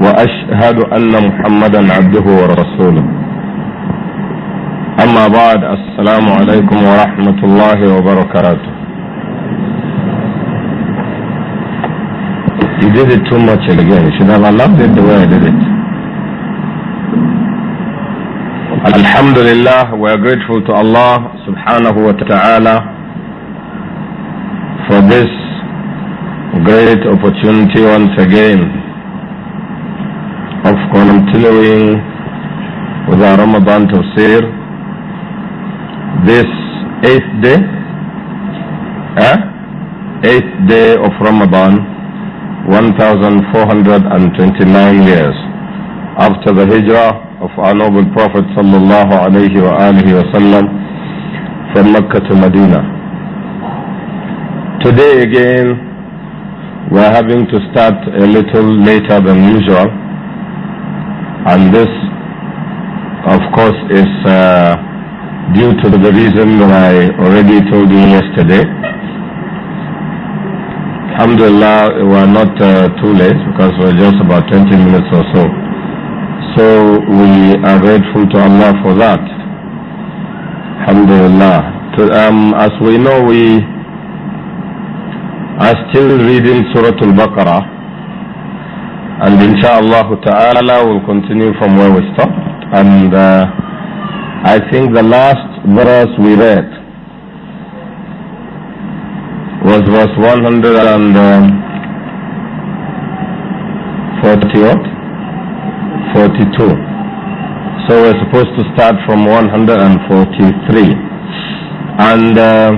واشهد ان محمدا عبده ورسوله اما بعد السلام عليكم ورحمه الله وبركاته You did it too much again. You should have allowed it the way I did it. Alhamdulillah, we are grateful to Allah subhanahu wa ta'ala for this great opportunity once again of continuing with our Ramadan tafsir this eighth day eh? eighth day of Ramadan 1429 years after the hijrah of our noble prophet sallallahu alaihi wasallam from Mecca to Medina today again we are having to start a little later than usual and this of course is uh, due to the reason that I already told you yesterday Alhamdulillah we're not uh, too late because we're just about 20 minutes or so so we are grateful to Allah for that Alhamdulillah um, as we know we are still reading Surah Al-Baqarah and inshallah ta'ala we'll continue from where we stopped. And uh, I think the last verse we read was verse 140 uh, 42. So we're supposed to start from 143. And uh,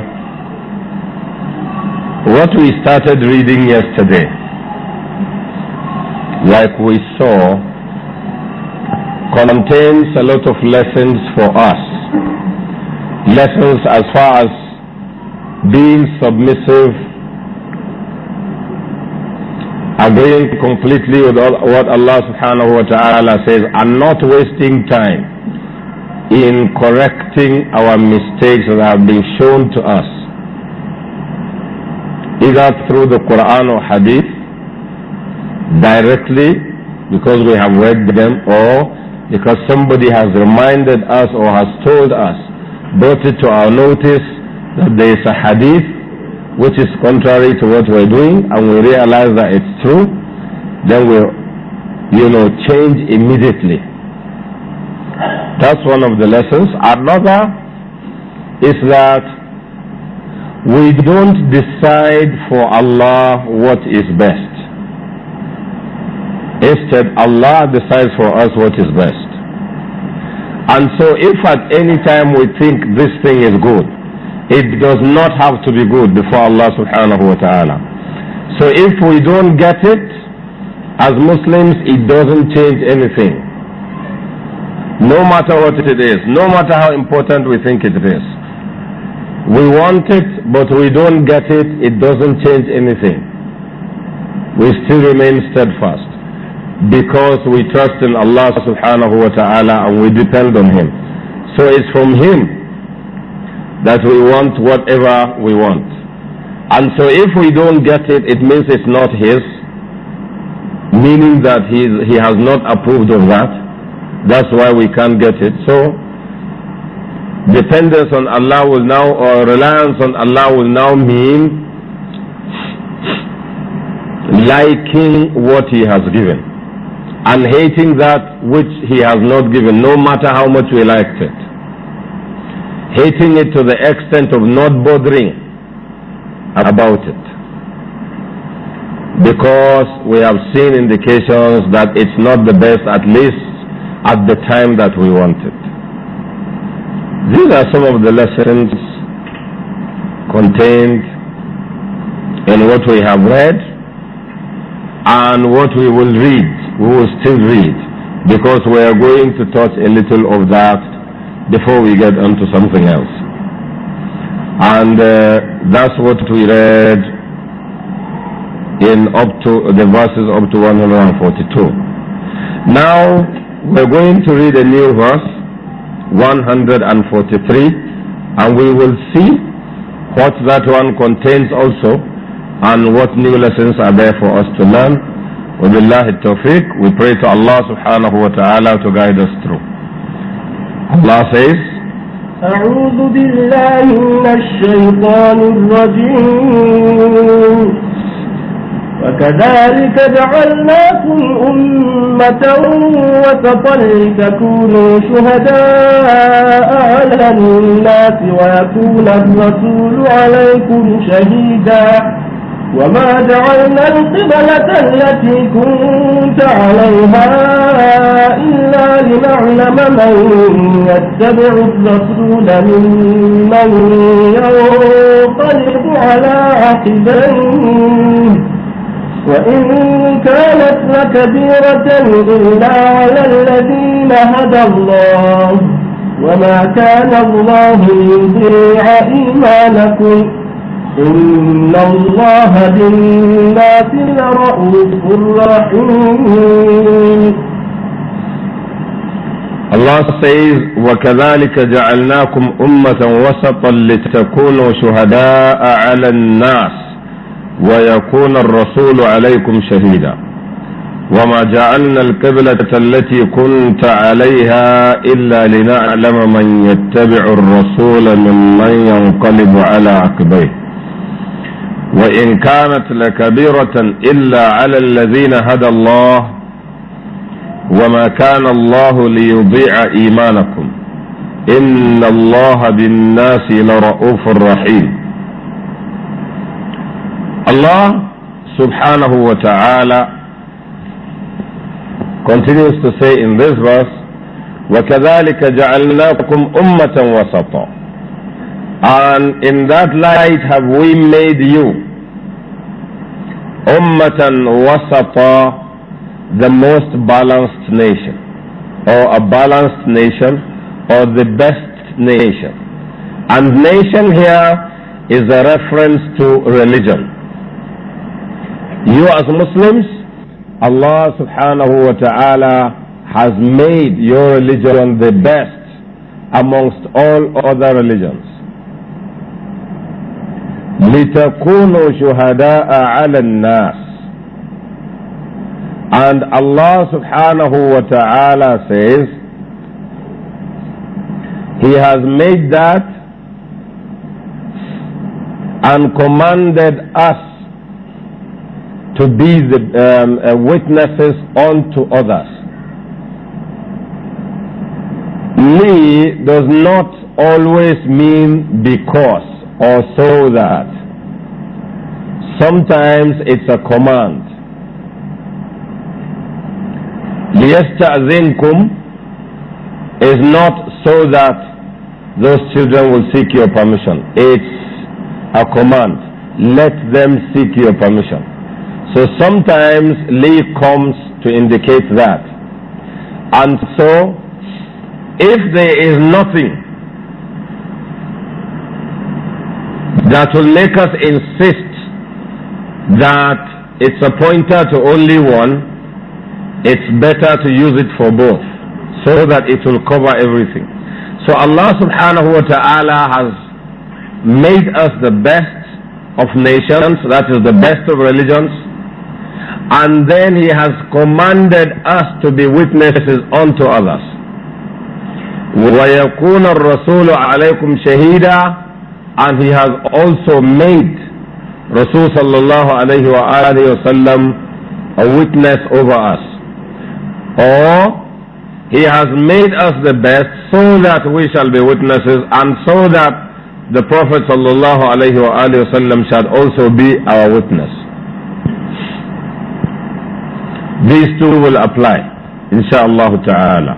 what we started reading yesterday like we saw, contains a lot of lessons for us. Lessons as far as being submissive, agreeing completely with what Allah subhanahu wa ta'ala says, and not wasting time in correcting our mistakes that have been shown to us, either through the Quran or Hadith, directly because we have read them or because somebody has reminded us or has told us, brought it to our notice that there is a hadith which is contrary to what we're doing and we realize that it's true, then we, you know, change immediately. That's one of the lessons. Another is that we don't decide for Allah what is best. Instead, Allah decides for us what is best. And so if at any time we think this thing is good, it does not have to be good before Allah subhanahu wa ta'ala. So if we don't get it, as Muslims, it doesn't change anything. No matter what it is, no matter how important we think it is. We want it, but we don't get it, it doesn't change anything. We still remain steadfast because we trust in Allah subhanahu wa ta'ala and we depend on Him. So it's from Him that we want whatever we want. And so if we don't get it, it means it's not His, meaning that he's, He has not approved of that. That's why we can't get it. So dependence on Allah will now, or reliance on Allah will now mean liking what He has given and hating that which he has not given, no matter how much we liked it. Hating it to the extent of not bothering about it. Because we have seen indications that it's not the best, at least at the time that we want it. These are some of the lessons contained in what we have read and what we will read we will still read because we are going to touch a little of that before we get onto something else. And uh, that's what we read in up to the verses up to 142. Now we're going to read a new verse, 143, and we will see what that one contains also and what new lessons are there for us to learn. وبالله التوفيق we pray to Allah سبحانه وتعالى to guide us through. Allah says, أعوذ بالله من الشيطان الرجيم وكذلك جعلناكم أمة وسطا لتكونوا شهداء على الناس ويكون الرسول عليكم شهيدا وما جعلنا القبلة التي كنت عليها إلا لنعلم من يتبع الرسول ممن ينقلب على عقبيه وإن كانت لكبيرة إلا على الذين هدى الله وما كان الله ليضيع إيمانكم إن الله بالناس لرؤوف رحيم Allah says, وَكَذَلِكَ جَعَلْنَاكُمْ أُمَّةً وَسَطًا لِتَكُونُوا شُهَدَاءَ عَلَى النَّاسِ وَيَكُونَ الرَّسُولُ عَلَيْكُمْ شَهِيدًا وَمَا جَعَلْنَا الْقِبْلَةَ الَّتِي كُنْتَ عَلَيْهَا إِلَّا لِنَعْلَمَ مَنْ يَتَّبِعُ الرَّسُولَ مِمَّنْ يَنْقَلِبُ عَلَى عَقِبَيْهِ وإن كانت لكبيرة إلا على الذين هدى الله وما كان الله ليضيع إيمانكم إن الله بالناس لرؤوف رحيم الله سبحانه وتعالى continues to say in this verse وَكَذَلِكَ جَعَلْنَاكُمْ أُمَّةً وَسَطًا And in that light have we made you ummatan wasata, the most balanced nation, or a balanced nation, or the best nation. And nation here is a reference to religion. You as Muslims, Allah subhanahu wa ta'ala has made your religion the best amongst all other religions. لِتَكُونُوا شُهَدَاءَ عَلَى النَّاسِ And Allah subhanahu wa ta'ala says, He has made that and commanded us to be the um, uh, witnesses unto others. me does not always mean because or so that. Sometimes it's a command. لِيَسْتَأْذِنْكُمْ is not so that those children will seek your permission. It's a command. Let them seek your permission. So sometimes li comes to indicate that. And so, if there is nothing that will make us insist that it's a pointer to only one, it's better to use it for both so that it will cover everything. So Allah subhanahu wa ta'ala has made us the best of nations, that is the best of religions, and then He has commanded us to be witnesses unto others. وَيَكُونَ الرَّسُولُ عَلَيْكُمْ شَهِيدًا and he has also made Rasul sallallahu alayhi wa a witness over us. Or he has made us the best so that we shall be witnesses and so that the Prophet sallallahu alayhi wa shall also be our witness. These two will apply, inshallah ta'ala.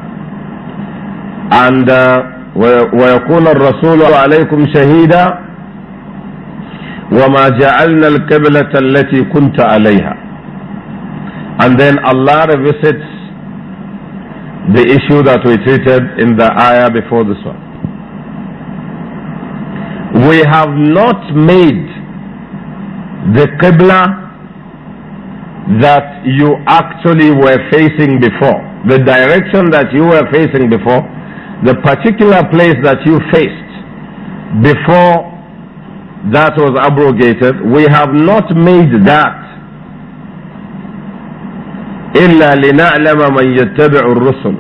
And uh, ويكون الرسول عليكم شهيدا وما جعلنا القبلة التي كنت عليها and then Allah revisits the issue that we treated in the ayah before this one we have not made the Qibla that you actually were facing before the direction that you were facing before the particular place that you faced before that was abrogated, we have not made that إلا لنعلم من يتبع الرسل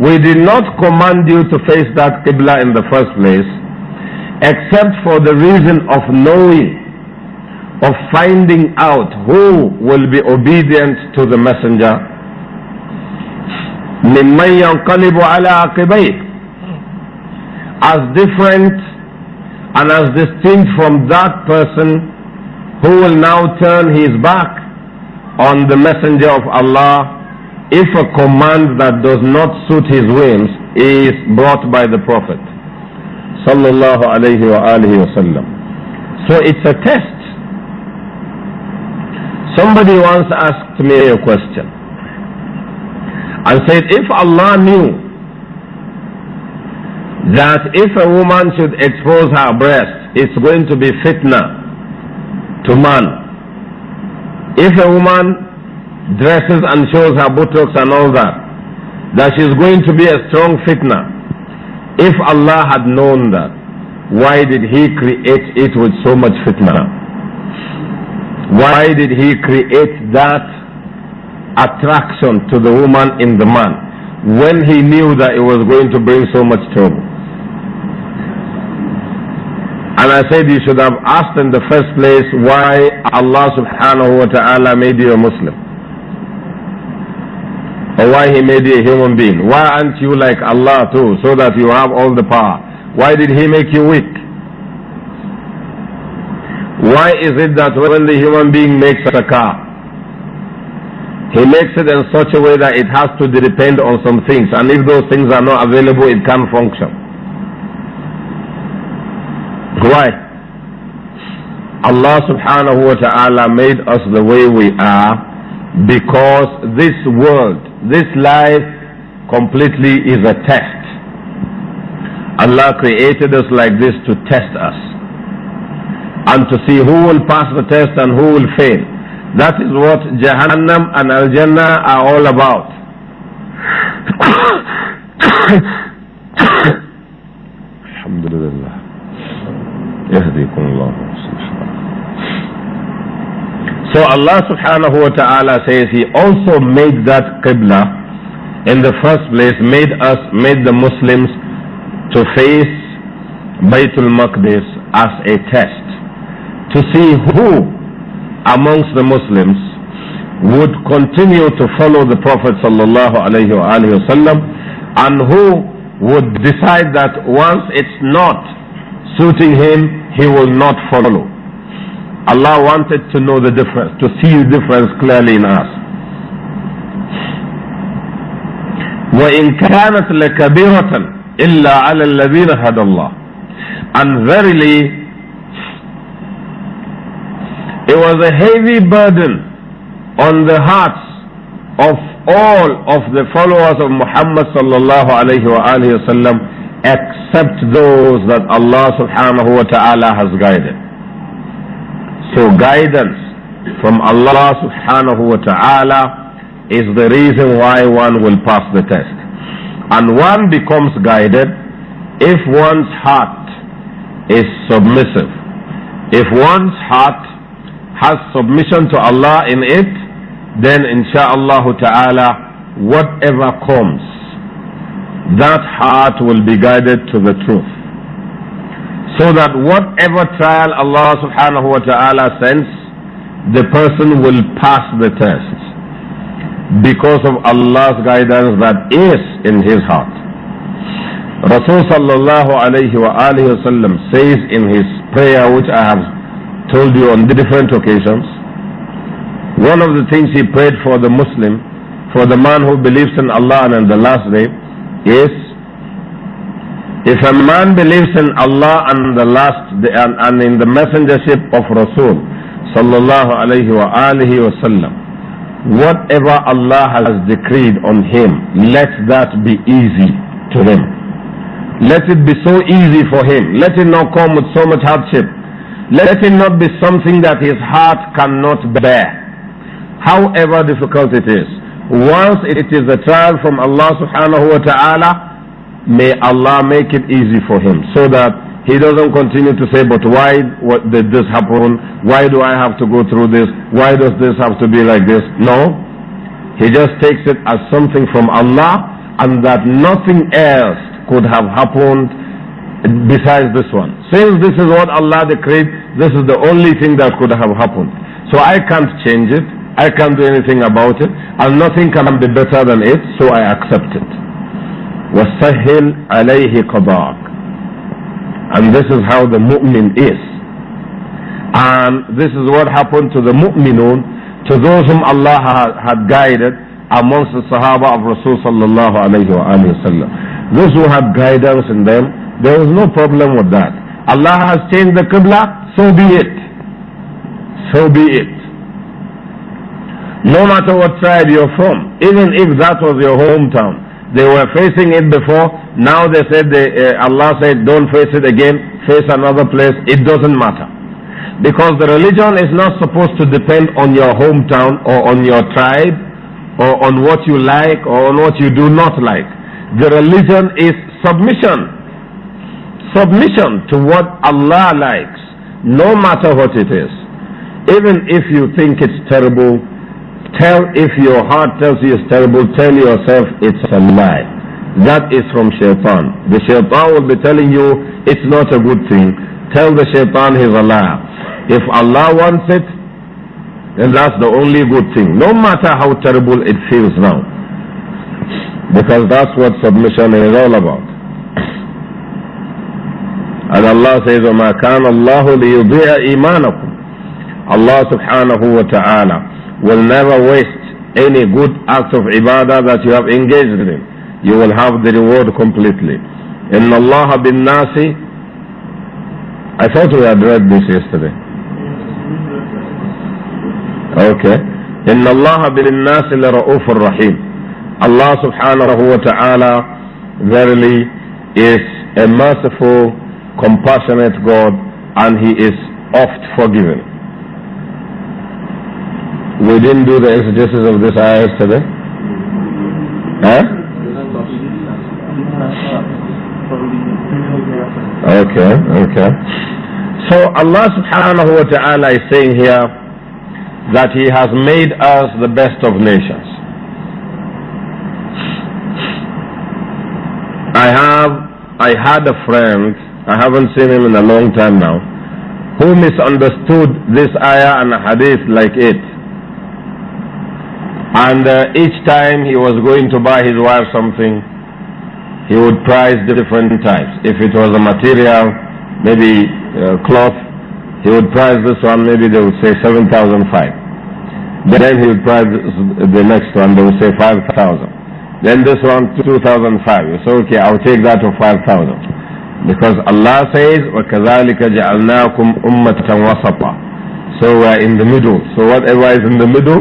We did not command you to face that Qibla in the first place except for the reason of knowing of finding out who will be obedient to the messenger ينقلب على as different and as distinct from that person who will now turn his back on the messenger of Allah if a command that does not suit his whims is brought by the prophet sallallahu alayhi wasallam so it's a test somebody once asked me a question and said if Allah knew that if a woman should expose her breast, it's going to be fitna to man. If a woman dresses and shows her buttocks and all that, that she's going to be a strong fitna. If Allah had known that, why did He create it with so much fitna? Why did He create that attraction to the woman in the man when He knew that it was going to bring so much trouble? And I said you should have asked in the first place why Allah subhanahu wa ta'ala made you a Muslim. Or why He made you a human being. Why aren't you like Allah too, so that you have all the power? Why did He make you weak? Why is it that when the human being makes a car, he makes it in such a way that it has to depend on some things, and if those things are not available, it can't function? Why? Allah subhanahu wa ta'ala made us the way we are because this world, this life completely is a test. Allah created us like this to test us and to see who will pass the test and who will fail. That is what Jahannam and Al Jannah are all about. Alhamdulillah. يهديكم الله so Allah subhanahu wa ta'ala says he also made that Qibla in the first place made us made the Muslims to face Baytul Maqdis as a test to see who amongst the Muslims would continue to follow the Prophet sallallahu alayhi wa and who would decide that once it's not suiting him, he will not follow. Allah wanted to know the difference, to see the difference clearly in us. وإن كانت لكبيرة إلا على الذين هدى الله and verily it was a heavy burden on the hearts of all of the followers of Muhammad sallallahu alayhi wa except those that Allah subhanahu wa ta'ala has guided. So guidance from Allah subhanahu wa ta'ala is the reason why one will pass the test. And one becomes guided if one's heart is submissive. If one's heart has submission to Allah in it, then insha'Allah ta'ala, whatever comes that heart will be guided to the truth. So that whatever trial Allah subhanahu wa ta'ala sends, the person will pass the test because of Allah's guidance that is in his heart. Rasul sallallahu alayhi wa alayhi wasallam says in his prayer, which I have told you on different occasions, one of the things he prayed for the Muslim, for the man who believes in Allah and in the last day, Yes? If a man believes in Allah and the last and, and in the messengership of Rasul sallallahu alayhi wa alihi wasallam, whatever Allah has decreed on him, let that be easy to him. Let it be so easy for him. Let it not come with so much hardship. Let it not be something that his heart cannot bear, however difficult it is. Once it is a trial from Allah subhanahu wa ta'ala, may Allah make it easy for him so that he doesn't continue to say, but why did this happen? Why do I have to go through this? Why does this have to be like this? No. He just takes it as something from Allah and that nothing else could have happened besides this one. Since this is what Allah decreed, this is the only thing that could have happened. So I can't change it. I can't do anything about it and nothing can be better than it so I accept it وَسَهِّلْ عَلَيْهِ قَضَاءَ and this is how the mu'min is and this is what happened to the mu'minun to those whom Allah had guided amongst the sahaba of Rasul sallallahu alayhi wa those who had guidance in them there was no problem with that Allah has changed the Qibla so be it so be it no matter what tribe you're from, even if that was your hometown, they were facing it before. Now they said, they, uh, Allah said, don't face it again, face another place. It doesn't matter. Because the religion is not supposed to depend on your hometown or on your tribe or on what you like or on what you do not like. The religion is submission. Submission to what Allah likes, no matter what it is. Even if you think it's terrible, Tell if your heart tells you it's terrible, tell yourself it's a lie. That is from shaitan. The shaitan will be telling you it's not a good thing. Tell the shaitan he's a liar. If Allah wants it, then that's the only good thing. No matter how terrible it feels now. Because that's what submission is all about. And Allah says, وَمَا كَانَ اللَّهُ لِيُضِيعَ إِيمَانَكُمْ Allah subhanahu wa ta'ala will never waste any good act of ibadah that you have engaged in. You will have the reward completely. Allah اللَّهَ بِالنَّاسِ I thought we had read this yesterday. Okay. إِنَّ اللَّهَ بِالنَّاسِ Raufur rahim. Allah subhanahu wa ta'ala verily is a merciful, compassionate God and He is oft forgiven. We didn't do the exegesis of this ayah yesterday. Huh? Okay, okay. So Allah subhanahu wa ta'ala is saying here that He has made us the best of nations. I have, I had a friend, I haven't seen him in a long time now, who misunderstood this ayah and hadith like it. And uh, each time he was going to buy his wife something, he would price different types. If it was a material, maybe uh, cloth, he would price this one, maybe they would say 7,005. Then he would price the next one, they would say 5,000. Then this one, 2,005. You say, okay, I'll take that of 5,000. Because Allah says, وَكَذَلِكَ جَعَلْنَاكُمْ أُمَّةً وَسَطًا So we're in the middle. So whatever is in the middle,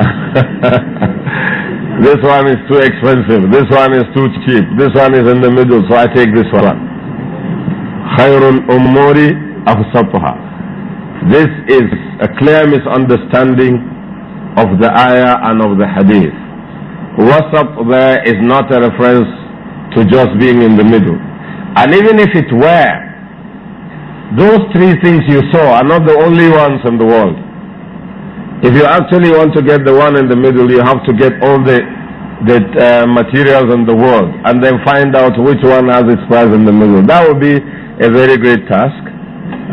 this one is too expensive, this one is too cheap, this one is in the middle, so I take this one. Khairul umuri afsatuha. This is a clear misunderstanding of the ayah and of the hadith. up there is not a reference to just being in the middle. And even if it were, those three things you saw are not the only ones in the world. If you actually want to get the one in the middle, you have to get all the, the uh, materials in the world and then find out which one has its price in the middle. That would be a very great task.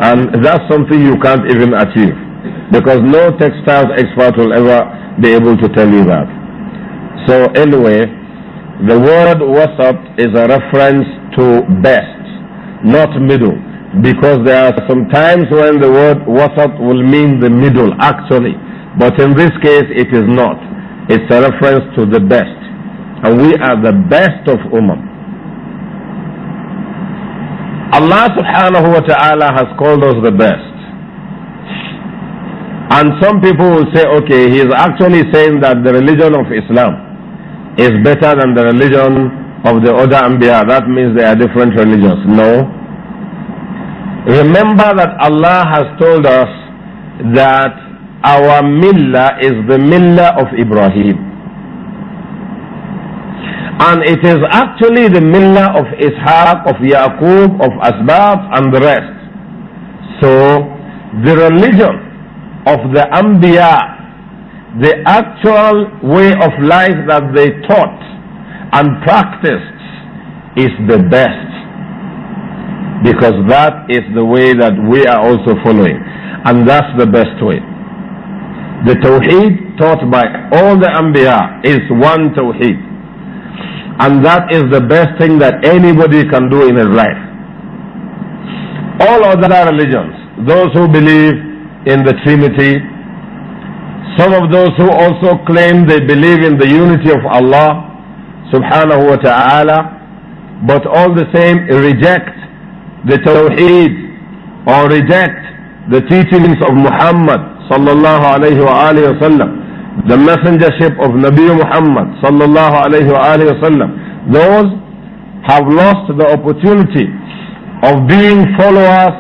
And that's something you can't even achieve because no textiles expert will ever be able to tell you that. So anyway, the word wasat is a reference to best, not middle because there are some times when the word wasat will mean the middle actually but in this case, it is not. It's a reference to the best. And we are the best of Ummah. Allah subhanahu wa ta'ala has called us the best. And some people will say, okay, he is actually saying that the religion of Islam is better than the religion of the other Anbiya. That means they are different religions. No. Remember that Allah has told us that our millah is the millah of Ibrahim. And it is actually the millah of Ishaq, of Yaqub, of Asbab and the rest. So the religion of the Ambiya, the actual way of life that they taught and practiced is the best. Because that is the way that we are also following. And that's the best way. The Tawheed taught by all the Anbiya is one Tawheed. And that is the best thing that anybody can do in his life. All other religions, those who believe in the Trinity, some of those who also claim they believe in the unity of Allah subhanahu wa ta'ala, but all the same reject the Tawheed or reject the teachings of Muhammad sallallahu alayhi wa alayhi wasallam, the messengership of Nabi Muhammad sallallahu alayhi wa alayhi wasallam, those have lost the opportunity of being followers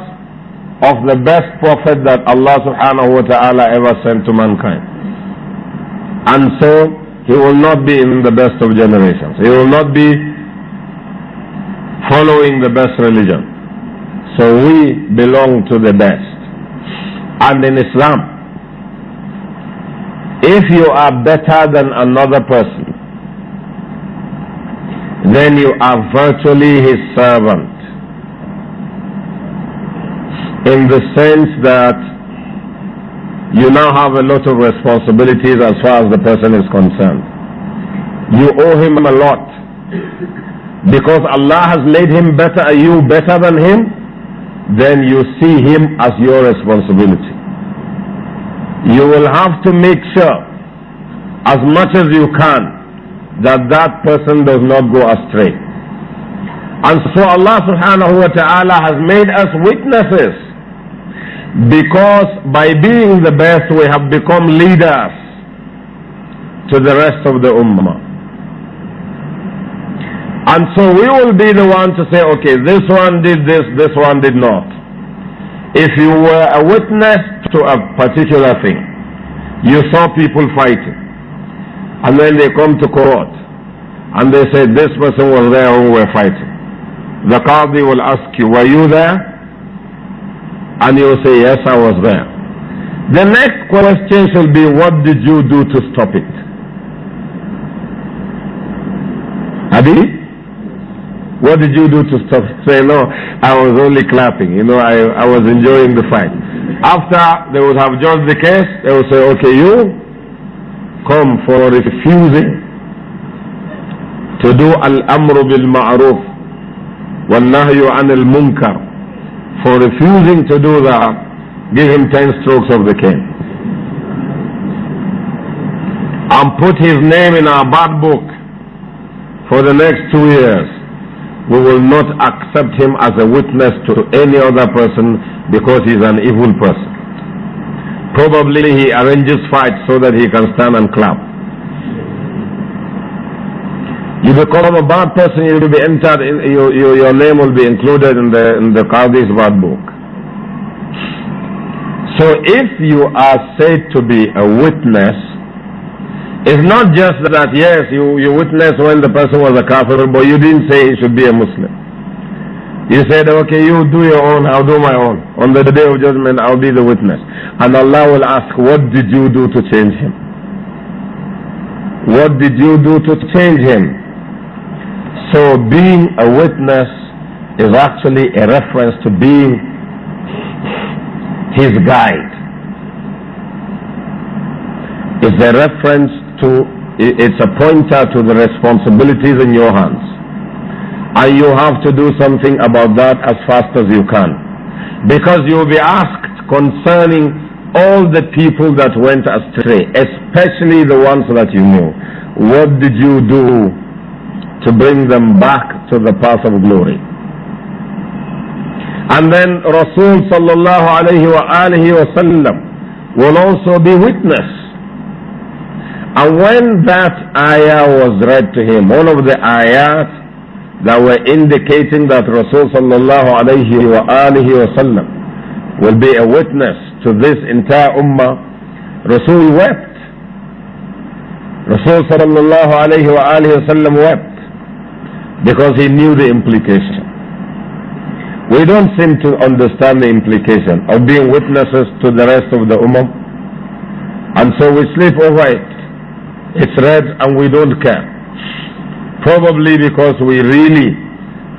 of the best prophet that Allah subhanahu wa ta'ala ever sent to mankind. And so, he will not be in the best of generations. He will not be following the best religion. So we belong to the best. And in Islam, if you are better than another person, then you are virtually his servant. In the sense that you now have a lot of responsibilities as far as the person is concerned. You owe him a lot. Because Allah has made him better, you better than him, then you see him as your responsibility you will have to make sure as much as you can that that person does not go astray. And so Allah subhanahu wa ta'ala has made us witnesses because by being the best we have become leaders to the rest of the ummah. And so we will be the one to say, okay, this one did this, this one did not. If you were a witness to a particular thing. You saw people fighting, and then they come to court, and they say, this person was there who were fighting. The Qadi will ask you, were you there? And you will say, yes, I was there. The next question shall be, what did you do to stop it? Abi? What did you do to stop? Say, no, I was only clapping. You know, I, I was enjoying the fight. After they would have judged the case, they would say, okay, you come for refusing to do al-amru bil-ma'ruf wal-nahyu anil-munkar for refusing to do that give him ten strokes of the cane and put his name in our bad book for the next two years we will not accept him as a witness to any other person because he's an evil person. Probably he arranges fights so that he can stand and clap. You become a bad person, you will be entered in, you, you, your name will be included in the, in the Qadi's bad book. So if you are said to be a witness, it's not just that, yes, you, you witnessed when the person was a kafir, but you didn't say he should be a Muslim. You said, okay, you do your own, I'll do my own. On the day of judgment, I'll be the witness. And Allah will ask, what did you do to change him? What did you do to change him? So being a witness is actually a reference to being his guide. It's a reference to, it's a pointer to the responsibilities in your hands. And you have to do something about that as fast as you can. Because you'll be asked concerning all the people that went astray, especially the ones that you knew. What did you do to bring them back to the path of glory? And then Rasul sallallahu alayhi wa alihi wa will also be witness and when that ayah was read to him, one of the ayat that were indicating that Rasulullah sallallahu alayhi wa alihi wasallam will be a witness to this entire ummah, Rasul wept. Rasul sallallahu alayhi wa alihi wasallam wept because he knew the implication. We don't seem to understand the implication of being witnesses to the rest of the ummah and so we sleep over it. It's red, and we don't care. Probably because we really,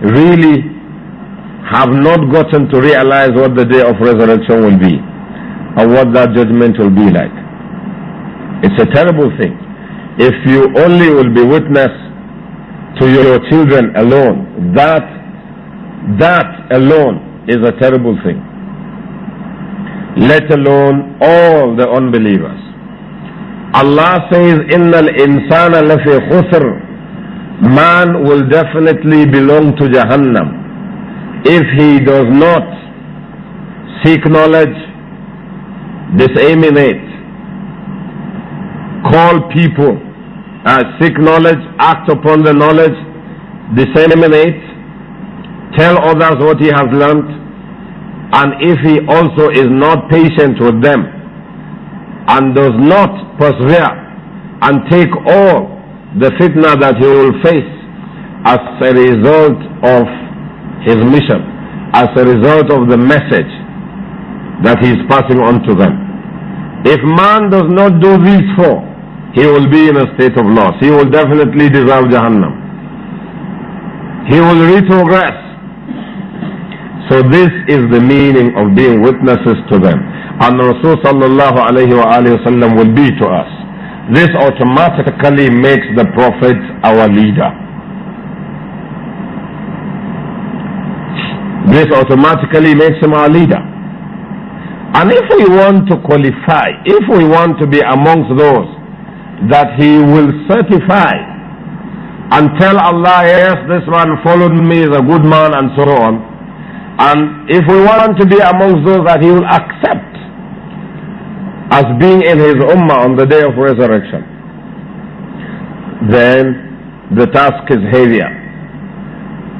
really have not gotten to realize what the day of resurrection will be and what that judgment will be like. It's a terrible thing. If you only will be witness to your children alone, that, that alone is a terrible thing. Let alone all the unbelievers. Allah says, Innal insana lafi khusr. Man will definitely belong to Jahannam if he does not seek knowledge, disseminate, call people, uh, seek knowledge, act upon the knowledge, disseminate, tell others what he has learnt, and if he also is not patient with them and does not persevere and take all the fitna that he will face as a result of his mission, as a result of the message that he is passing on to them. If man does not do these four, he will be in a state of loss. He will definitely deserve Jahannam. He will retrogress. So this is the meaning of being witnesses to them and Rasul sallallahu alayhi wa will be to us. This automatically makes the Prophet our leader. This automatically makes him our leader. And if we want to qualify, if we want to be amongst those that he will certify and tell Allah, yes, this man followed me, is a good man, and so on, and if we want to be amongst those that he will accept, as being in his ummah on the day of resurrection, then the task is heavier.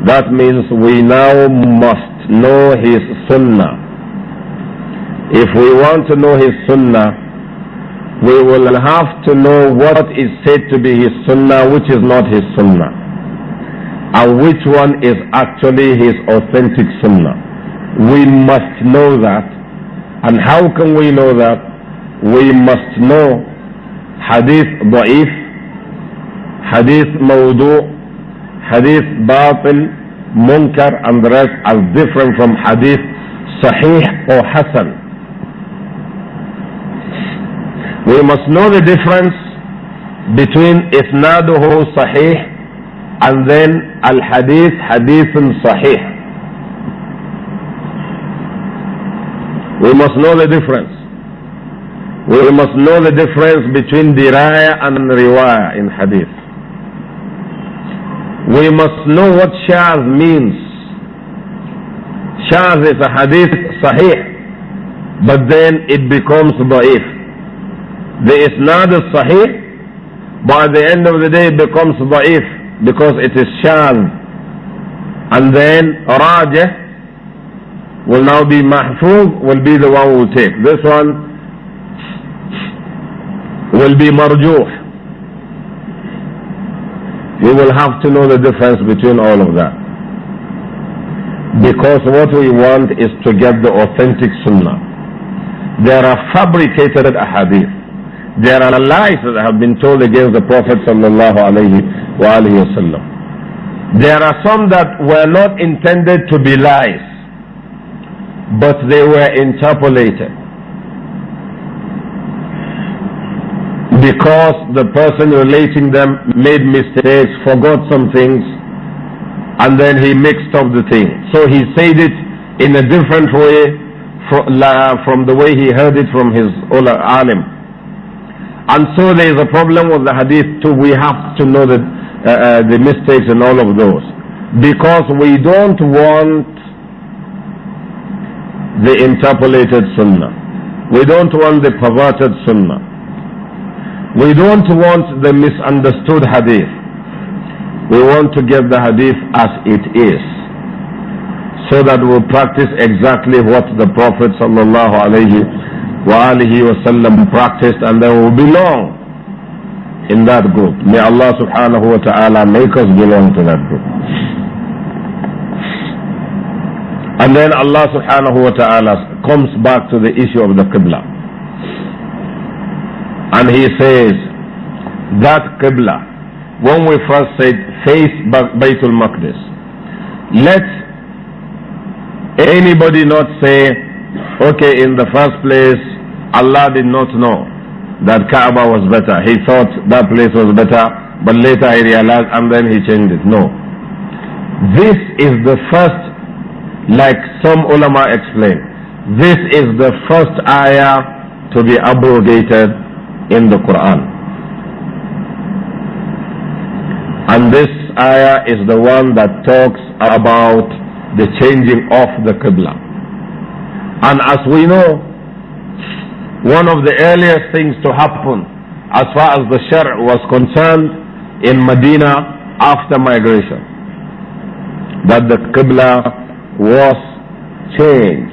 That means we now must know his sunnah. If we want to know his sunnah, we will have to know what is said to be his sunnah, which is not his sunnah, and which one is actually his authentic sunnah. We must know that. And how can we know that? we must know hadith da'if, hadith mawdu, hadith batil, munkar and the rest are different from hadith sahih or hasan. We must know the difference between isnaduhu sahih and then al-hadith hadithun sahih. We must know the difference. We must know the difference between diraya and riwaya in hadith. We must know what shaz means. Shaz is a hadith sahih, but then it becomes da'if. The isnad is sahih, but the end of the day it becomes da'if because it is shaz. And then rajah will now be mahfuz, will be the one who will take. This one will be marjuh. We will have to know the difference between all of that. Because what we want is to get the authentic sunnah. There are fabricated ahadith. There are lies that have been told against the Prophet sallallahu alaihi wasallam. There are some that were not intended to be lies, but they were interpolated. because the person relating them made mistakes, forgot some things, and then he mixed up the thing. So he said it in a different way from the way he heard it from his alim. And so there is a problem with the hadith too. We have to know the, uh, uh the mistakes in all of those. Because we don't want the interpolated sunnah. We don't want the perverted sunnah. We don't want the misunderstood hadith. We want to get the hadith as it is. So that we practice exactly what the Prophet sallallahu alaihi wasallam practiced and then we belong in that group. May Allah subhanahu wa ta'ala make us belong to that group. And then Allah subhanahu wa ta'ala comes back to the issue of the Qibla. And he says, that Qibla, when we first said face Baytul Maqdis, let anybody not say, okay, in the first place, Allah did not know that Kaaba was better. He thought that place was better, but later he realized and then he changed it. No. This is the first, like some ulama explain, this is the first ayah to be abrogated in the Quran. And this ayah is the one that talks about the changing of the Qibla. And as we know, one of the earliest things to happen as far as the Shar' was concerned in Medina after migration, that the Qibla was changed.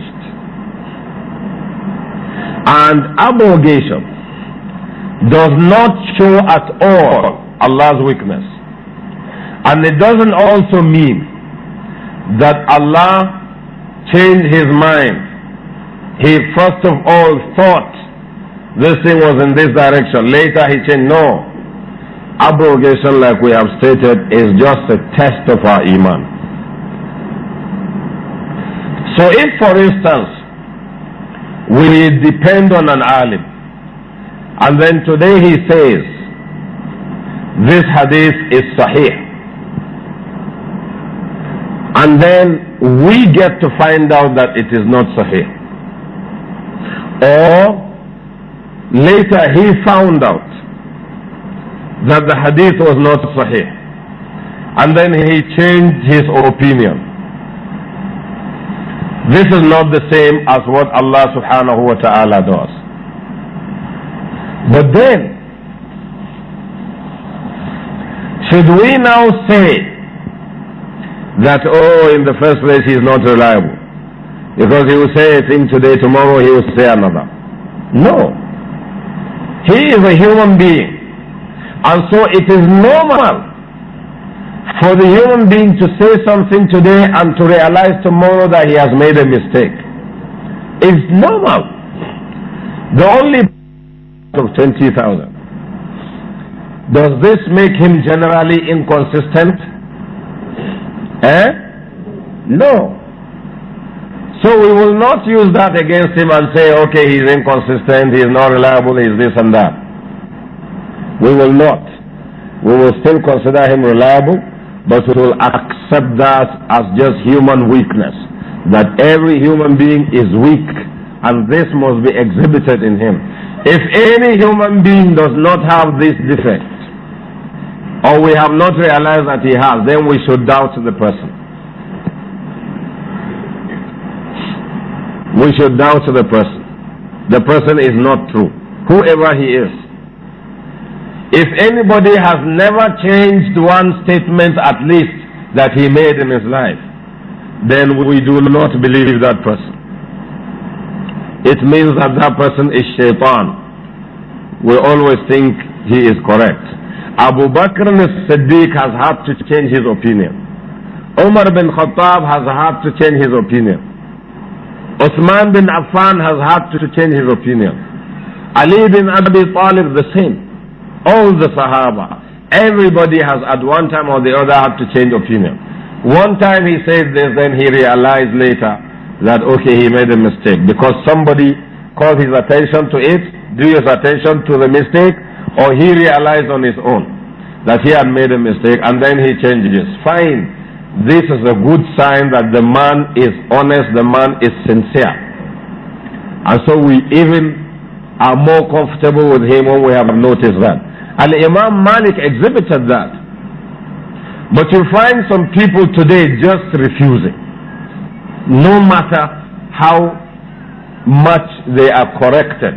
And abrogation does not show at all Allah's weakness. And it doesn't also mean that Allah changed his mind. He first of all thought this thing was in this direction. Later he changed. No. Abrogation, like we have stated, is just a test of our Iman. So if, for instance, we depend on an alim, and then today he says, this hadith is sahih. And then we get to find out that it is not sahih. Or later he found out that the hadith was not sahih. And then he changed his opinion. This is not the same as what Allah subhanahu wa ta'ala does. But then, should we now say that, oh, in the first place he is not reliable? Because he will say a thing today, tomorrow he will say another. No. He is a human being. And so it is normal for the human being to say something today and to realize tomorrow that he has made a mistake. It's normal. The only of 20,000. Does this make him generally inconsistent? Eh? No. So we will not use that against him and say, okay, he's inconsistent, he's not reliable, he's this and that. We will not. We will still consider him reliable, but we will accept that as just human weakness. That every human being is weak, and this must be exhibited in him. If any human being does not have this defect, or we have not realized that he has, then we should doubt the person. We should doubt the person. The person is not true, whoever he is. If anybody has never changed one statement at least that he made in his life, then we do not believe that person it means that that person is shaitan. We always think he is correct. Abu Bakr as-Siddiq has had to change his opinion. Umar bin Khattab has had to change his opinion. Uthman bin Affan has had to change his opinion. Ali bin Abi Talib the same. All the Sahaba. Everybody has at one time or the other had to change opinion. One time he said this, then he realized later that okay he made a mistake because somebody called his attention to it drew his attention to the mistake or he realized on his own that he had made a mistake and then he changes fine this is a good sign that the man is honest the man is sincere and so we even are more comfortable with him when we have noticed that and imam malik exhibited that but you find some people today just refusing no matter how much they are corrected,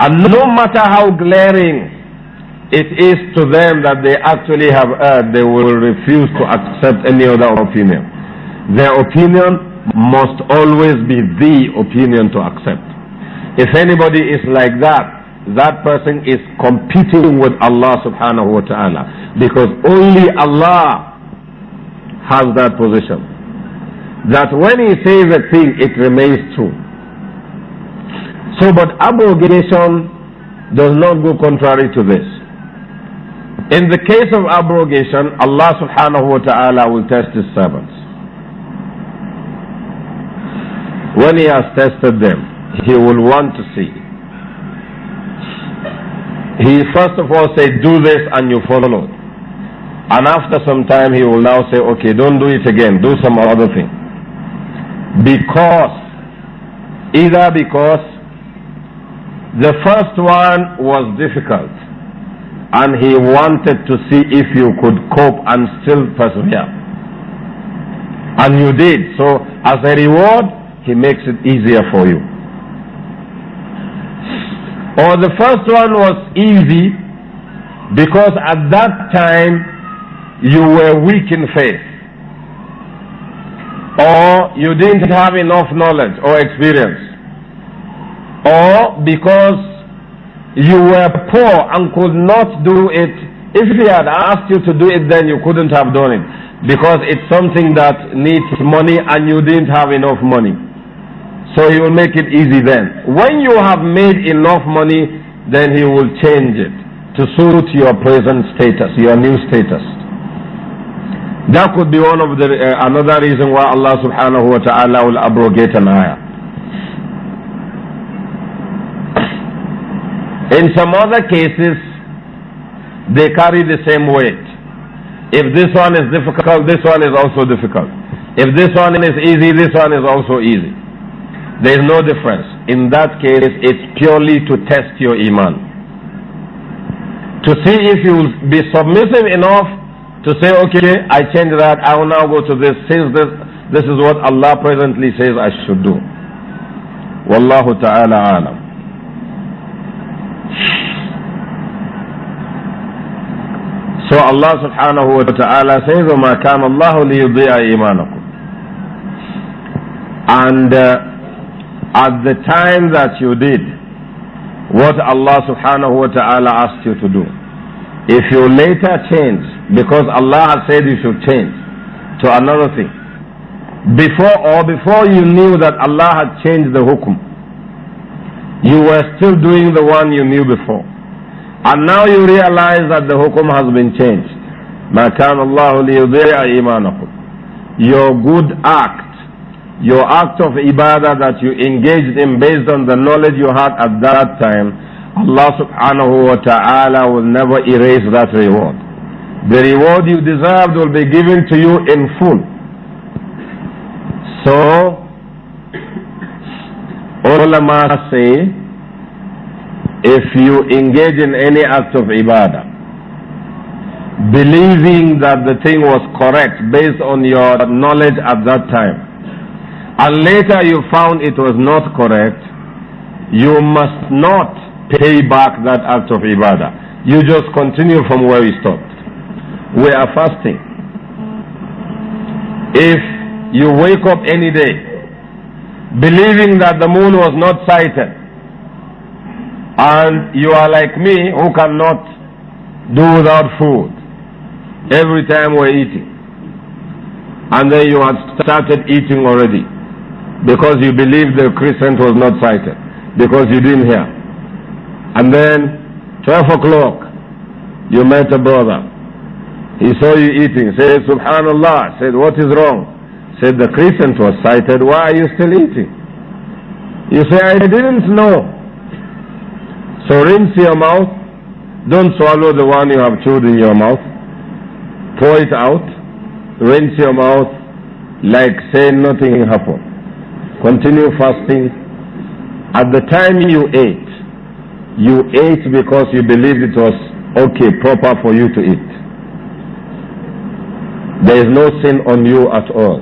and no matter how glaring it is to them that they actually have erred, they will refuse to accept any other opinion. Their opinion must always be the opinion to accept. If anybody is like that, that person is competing with Allah subhanahu wa ta'ala because only Allah has that position that when he says a thing, it remains true. So, but abrogation does not go contrary to this. In the case of abrogation, Allah subhanahu wa ta'ala will test his servants. When he has tested them, he will want to see. He first of all said, do this and you follow. And after some time, he will now say, okay, don't do it again, do some other thing because either because the first one was difficult and he wanted to see if you could cope and still persevere. And you did. So as a reward, he makes it easier for you. Or the first one was easy because at that time you were weak in faith or you didn't have enough knowledge or experience, or because you were poor and could not do it. If he had asked you to do it, then you couldn't have done it because it's something that needs money and you didn't have enough money. So he will make it easy then. When you have made enough money, then he will change it to suit your present status, your new status. That could be one of the uh, another reason why Allah subhanahu wa ta'ala will abrogate an ayah. In some other cases, they carry the same weight. If this one is difficult, this one is also difficult. If this one is easy, this one is also easy. There is no difference. In that case, it's purely to test your iman. To see if you will be submissive enough to say, okay, I change that, I will now go to this, since this, this is what Allah presently says I should do. Wallahu ta'ala alam. So Allah subhanahu wa ta'ala says, وَمَا كَانَ اللَّهُ لِيُضِيعَ إِيمَانَكُمْ And uh, at the time that you did what Allah subhanahu wa ta'ala asked you to do, if you later change because Allah has said you should change to another thing. Before or before you knew that Allah had changed the hukum, you were still doing the one you knew before. And now you realize that the hukum has been changed. ما Allah الله ليضيع إيمانكم Your good act, your act of ibadah that you engaged in based on the knowledge you had at that time, Allah subhanahu wa ta'ala will never erase that reward. The reward you deserved will be given to you in full. So, ulama say, if you engage in any act of ibadah, believing that the thing was correct based on your knowledge at that time, and later you found it was not correct, you must not pay back that act of ibadah. You just continue from where you stopped we are fasting. If you wake up any day believing that the moon was not sighted, and you are like me who cannot do without food every time we're eating, and then you have started eating already because you believe the crescent was not sighted, because you didn't hear. And then, 12 o'clock, you met a brother he saw you eating. Said, Subhanallah. Said, what is wrong? Said, the crescent was sighted. Why are you still eating? You say, I didn't know. So rinse your mouth. Don't swallow the one you have chewed in your mouth. Pour it out. Rinse your mouth like say nothing happened. Continue fasting. At the time you ate, you ate because you believed it was okay, proper for you to eat. There is no sin on you at all.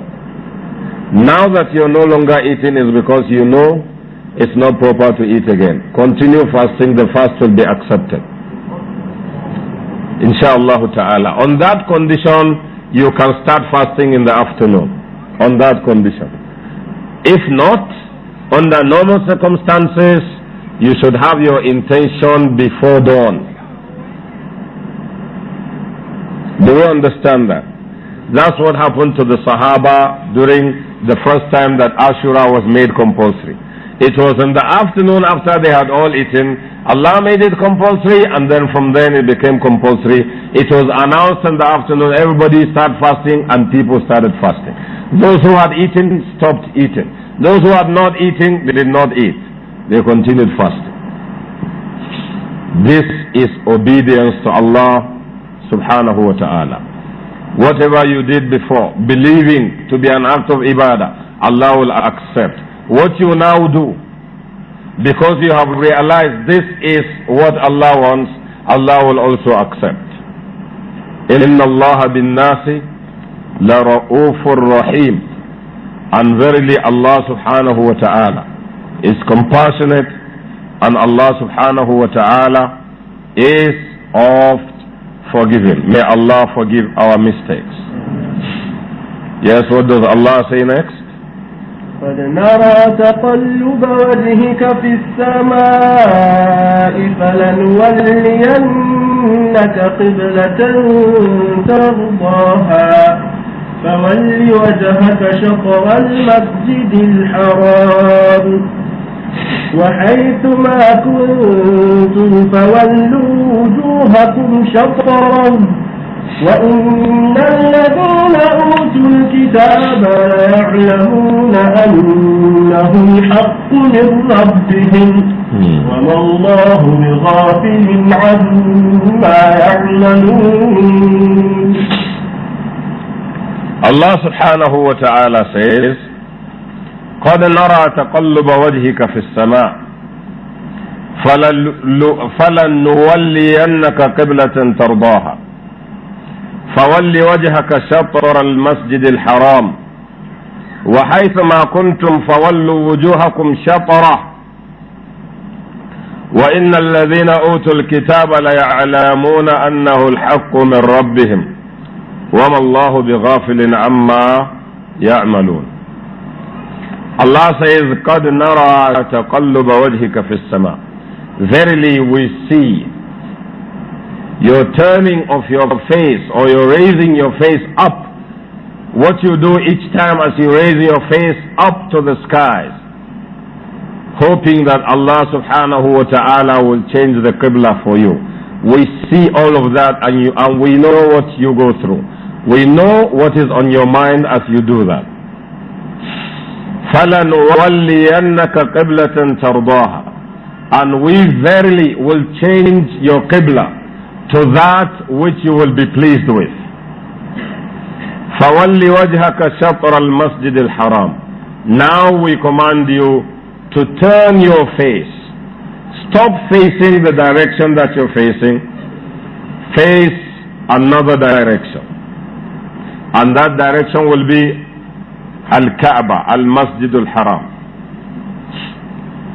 Now that you're no longer eating is because you know it's not proper to eat again. Continue fasting, the fast will be accepted. Insha'Allah ta'ala. On that condition, you can start fasting in the afternoon. On that condition. If not, under normal circumstances, you should have your intention before dawn. Do you understand that? That's what happened to the Sahaba during the first time that Ashura was made compulsory. It was in the afternoon after they had all eaten. Allah made it compulsory and then from then it became compulsory. It was announced in the afternoon, everybody started fasting and people started fasting. Those who had eaten stopped eating. Those who had not eaten, they did not eat. They continued fasting. This is obedience to Allah subhanahu wa ta'ala. Whatever you did before, believing to be an act of ibadah, Allah will accept. What you now do, because you have realized this is what Allah wants, Allah will also accept. إِنَّ اللَّهَ بِالنَّاسِ لَرَؤُوفٌ Raheem. And verily Allah subhanahu wa ta'ala is compassionate and Allah subhanahu wa ta'ala is of forgiven. May Allah forgive our mistakes. Yes, what does Allah say next? قد نرى تقلب وجهك في السماء فلنولينك قبلة ترضاها فول وجهك شطر المسجد الحرام وحيث ما كنتم فولوا وجوهكم شطرا وإن الذين أوتوا الكتاب ليعلمون أنه الحق من ربهم وما الله بغافل عما يعلمون الله سبحانه وتعالى says قد نرى تقلب وجهك في السماء فلن نولينك قبلة ترضاها فول وجهك شطر المسجد الحرام وحيثما كنتم فولوا وجوهكم شطره وإن الذين أوتوا الكتاب ليعلمون أنه الحق من ربهم وما الله بغافل عما يعملون Allah says, قَدْ نَرَى تَقَلُّبَ وَجْهِكَ فِي السَّمَاءِ Verily we see your turning of your face or your raising your face up. What you do each time as you raise your face up to the skies. Hoping that Allah subhanahu wa ta'ala will change the Qibla for you. We see all of that and, you, and we know what you go through. We know what is on your mind as you do that. فَلَنُوَلِّيَنَّكَ قِبْلَةً تَرْضَاهَا And we verily will change your qibla to that which you will be pleased with. فَوَلِّ وَجْهَكَ شَطْرَ الْمَسْجِدِ الْحَرَامِ Now we command you to turn your face. Stop facing the direction that you're facing. Face another direction. And that direction will be الكعبة المسجد الحرام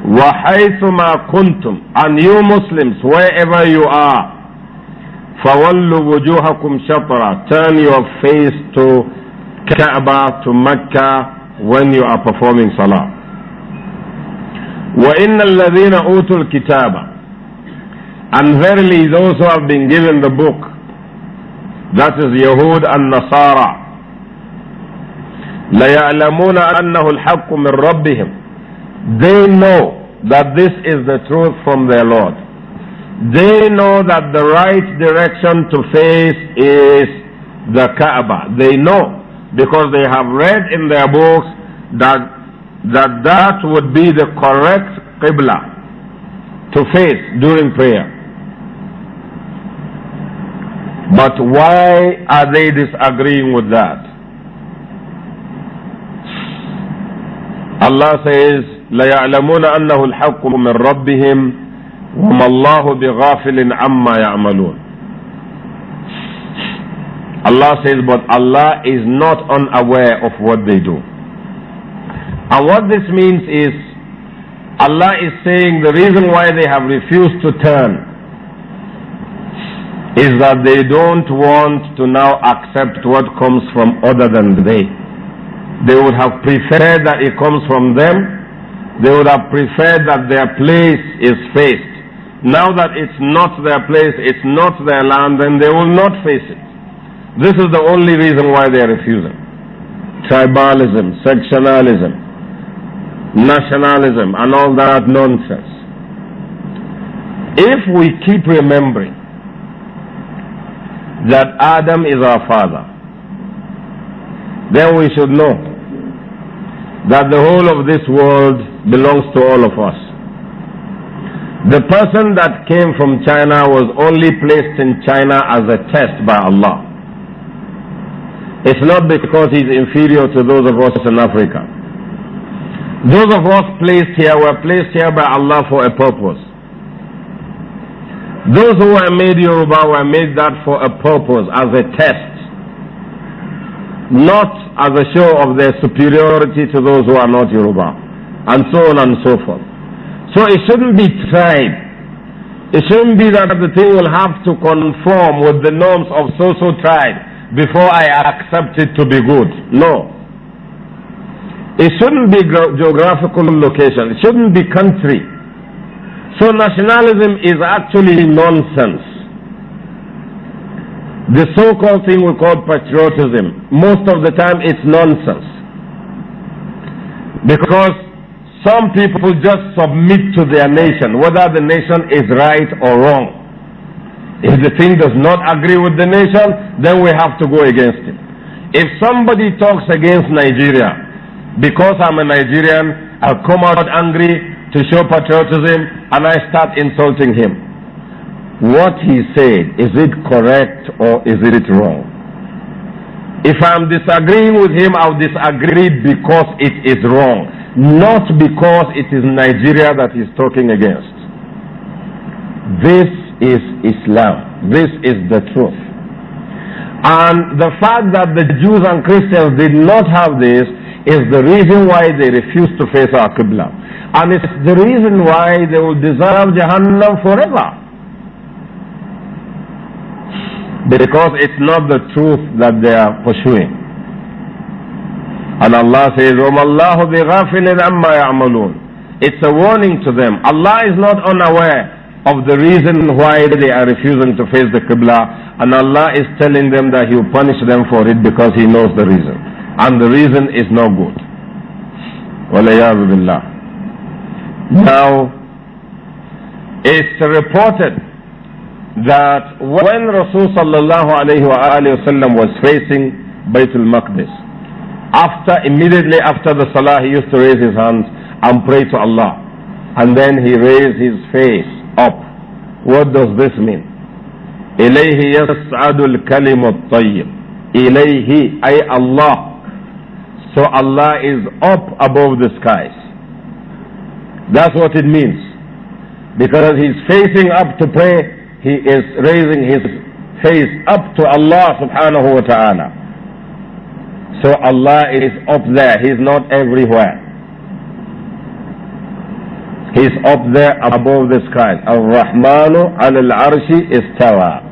وحيثما كنتم and you Muslims wherever you are فولوا وجوهكم شطرا turn your face to كعبة to مكة when you are performing Salah وإن الذين أوتوا الكتاب and verily those who have been given the book that is Yahud and Nasara لَيَعْلَمُونَ أَنَّهُ الْحَقُّ مِنْ رَبِّهِمْ They know that this is the truth from their Lord. They know that the right direction to face is the Kaaba. They know because they have read in their books that that, that would be the correct Qibla to face during prayer. But why are they disagreeing with that? Allah says, لَيَعْلَمُونَ أَنَّهُ الْحَقُّ مِنْ رَبِّهِمْ وَمَا اللَّهُ بِغَافِلٍ عَمَّا يَعْمَلُونَ Allah says, but Allah is not unaware of what they do. And what this means is, Allah is saying the reason why they have refused to turn is that they don't want to now accept what comes from other than they. They would have preferred that it comes from them. They would have preferred that their place is faced. Now that it's not their place, it's not their land, then they will not face it. This is the only reason why they are refusing. Tribalism, sectionalism, nationalism, and all that nonsense. If we keep remembering that Adam is our father, then we should know that the whole of this world belongs to all of us. The person that came from China was only placed in China as a test by Allah. It's not because he's inferior to those of us in Africa. Those of us placed here were placed here by Allah for a purpose. Those who were made Yoruba were made that for a purpose, as a test not as a show of their superiority to those who are not Yoruba, and so on and so forth. So it shouldn't be tribe. It shouldn't be that the thing will have to conform with the norms of so-so tribe before I accept it to be good. No. It shouldn't be geographical location. It shouldn't be country. So nationalism is actually nonsense. The so-called thing we call patriotism, most of the time it's nonsense. Because some people just submit to their nation, whether the nation is right or wrong. If the thing does not agree with the nation, then we have to go against it. If somebody talks against Nigeria, because I'm a Nigerian, I'll come out angry to show patriotism and I start insulting him what he said, is it correct or is it wrong? If I'm disagreeing with him, I'll disagree because it is wrong, not because it is Nigeria that he's talking against. This is Islam. This is the truth. And the fact that the Jews and Christians did not have this is the reason why they refused to face our Qibla. And it's the reason why they will deserve Jahannam forever because it's not the truth that they are pursuing. And Allah says, وَمَا بِغَافِلٍ عَمَّا يَعْمَلُونَ It's a warning to them. Allah is not unaware of the reason why they are refusing to face the Qibla. And Allah is telling them that He will punish them for it because He knows the reason. And the reason is no good. وَلَيَاذُ بِاللَّهِ Now, it's reported that when Rasul sallallahu alayhi wa was facing Baytul Maqdis, after, immediately after the salah, he used to raise his hands and pray to Allah. And then he raised his face up. What does this mean? إليه يسعد الكلم الطيب إليه أي Allah so Allah is up above the skies that's what it means because he's facing up to pray he is raising his face up to Allah subhanahu wa ta'ala. So Allah is up there, He's not everywhere. He's up there above the sky. al rahmanu al arshi istawa.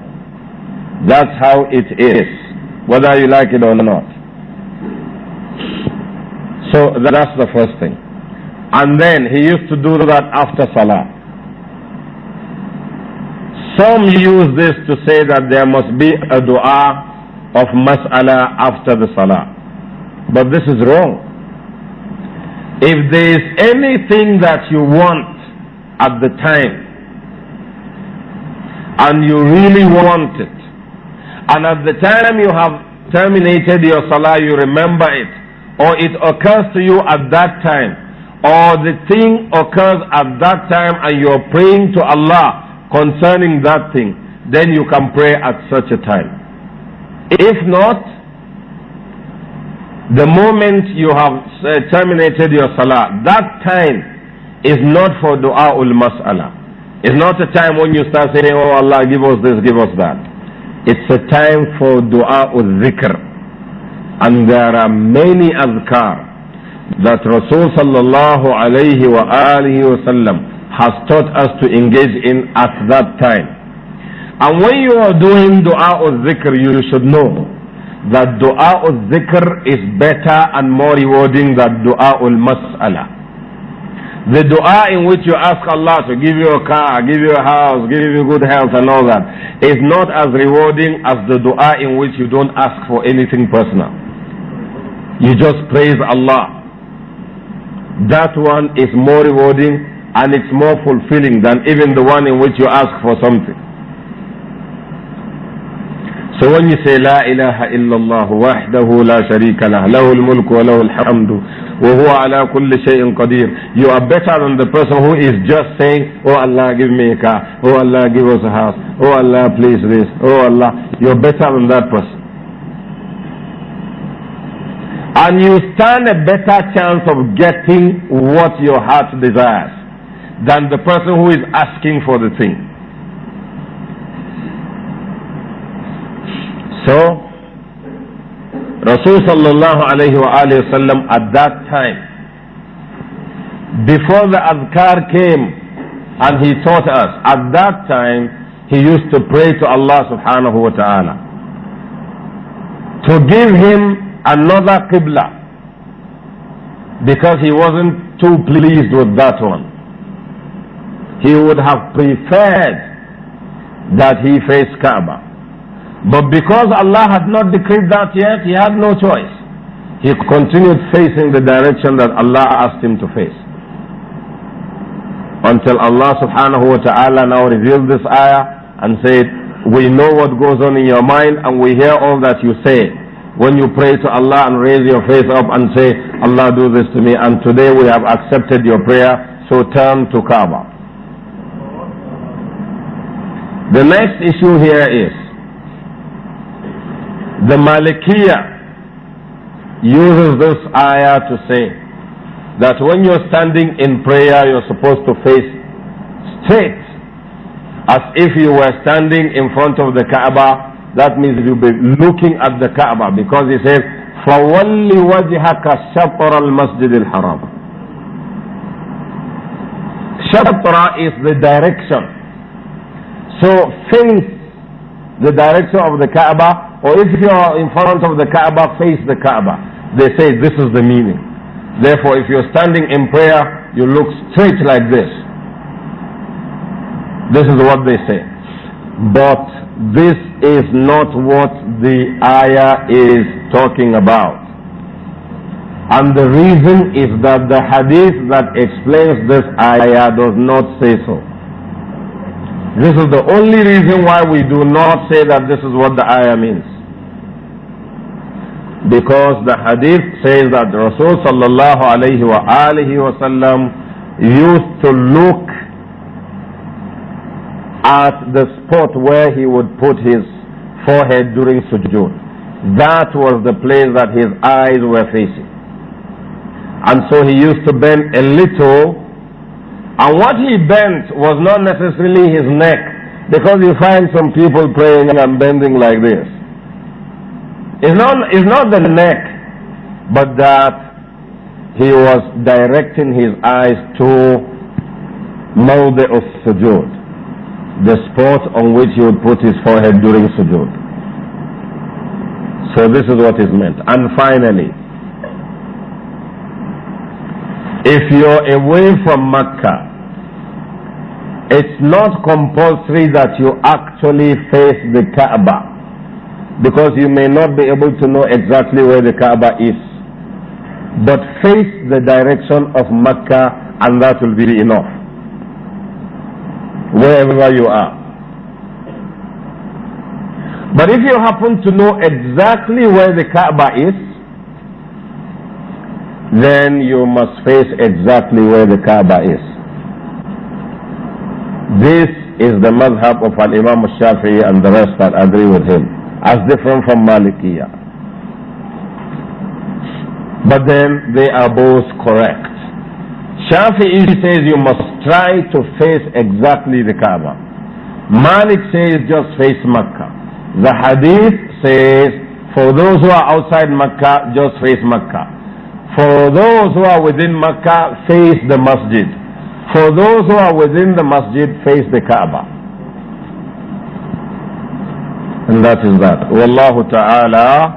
That's how it is, whether you like it or not. So that's the first thing. And then he used to do that after Salah. Some use this to say that there must be a dua of mas'ala after the salah. But this is wrong. If there is anything that you want at the time, and you really want it, and at the time you have terminated your salah, you remember it, or it occurs to you at that time, or the thing occurs at that time and you are praying to Allah, concerning that thing, then you can pray at such a time. If not, the moment you have uh, terminated your salah, that time is not for dua ul mas'ala. It's not a time when you start saying, Oh Allah, give us this, give us that. It's a time for dua ul zikr. And there are many azkar that Rasul sallallahu alayhi wa alihi wa sallam has taught us to engage in at that time. And when you are doing dua or zikr, you should know that dua or zikr is better and more rewarding than dua ul mas'ala. The dua in which you ask Allah to give you a car, give you a house, give you good health and all that is not as rewarding as the dua in which you don't ask for anything personal. You just praise Allah. That one is more rewarding and it's more fulfilling than even the one in which you ask for something. So when you say لا إله إلا الله وحده لا شريك له له الملك وله الحمد وهو على كل شيء قدير you are better than the person who is just saying oh Allah give me a car oh Allah give us a house oh Allah please this oh Allah you're better than that person and you stand a better chance of getting what your heart desires than the person who is asking for the thing. So, Rasulullah sallallahu alayhi wa sallam at that time, before the adhkar came and he taught us, at that time he used to pray to Allah subhanahu wa ta'ala to give him another qibla because he wasn't too pleased with that one he would have preferred that he faced Kaaba. But because Allah had not decreed that yet, he had no choice. He continued facing the direction that Allah asked him to face. Until Allah subhanahu wa ta'ala now revealed this ayah and said, We know what goes on in your mind and we hear all that you say. When you pray to Allah and raise your face up and say, Allah do this to me and today we have accepted your prayer, so turn to Kaaba. The next issue here is the Malikiya uses this ayah to say that when you're standing in prayer, you're supposed to face straight as if you were standing in front of the Kaaba. That means you'll be looking at the Kaaba because he says, فَوَلِّ وَجْهَكَ شَطْرَ الْمَسْجِدِ الْحَرَامِ Shatra is the direction so face the direction of the Kaaba, or if you are in front of the Kaaba, face the Kaaba. They say this is the meaning. Therefore, if you're standing in prayer, you look straight like this. This is what they say. But this is not what the ayah is talking about. And the reason is that the hadith that explains this ayah does not say so. This is the only reason why we do not say that this is what the ayah means. Because the hadith says that Rasulullah sallallahu alayhi wa alihi wasallam used to look at the spot where he would put his forehead during sujood. That was the place that his eyes were facing. And so he used to bend a little and what he bent was not necessarily his neck, because you find some people praying and bending like this. It's not, it's not the neck, but that he was directing his eyes to mawdi of sujood, the spot on which he would put his forehead during sujood. So this is what is meant. And finally, if you're away from Makkah, it's not compulsory that you actually face the Kaaba because you may not be able to know exactly where the Kaaba is. But face the direction of Mecca and that will be enough. Wherever you are. But if you happen to know exactly where the Kaaba is, then you must face exactly where the Kaaba is. This is the madhab of Al-Imam al-Shafi'i and the rest that agree with him, as different from Malikiya. But then they are both correct. Shafi'i says you must try to face exactly the Kaaba. Malik says just face Mecca. The hadith says for those who are outside Mecca, just face Mecca. For those who are within Mecca, face the masjid. For those who are within the masjid, face the Kaaba. And that is that. Wallahu ta'ala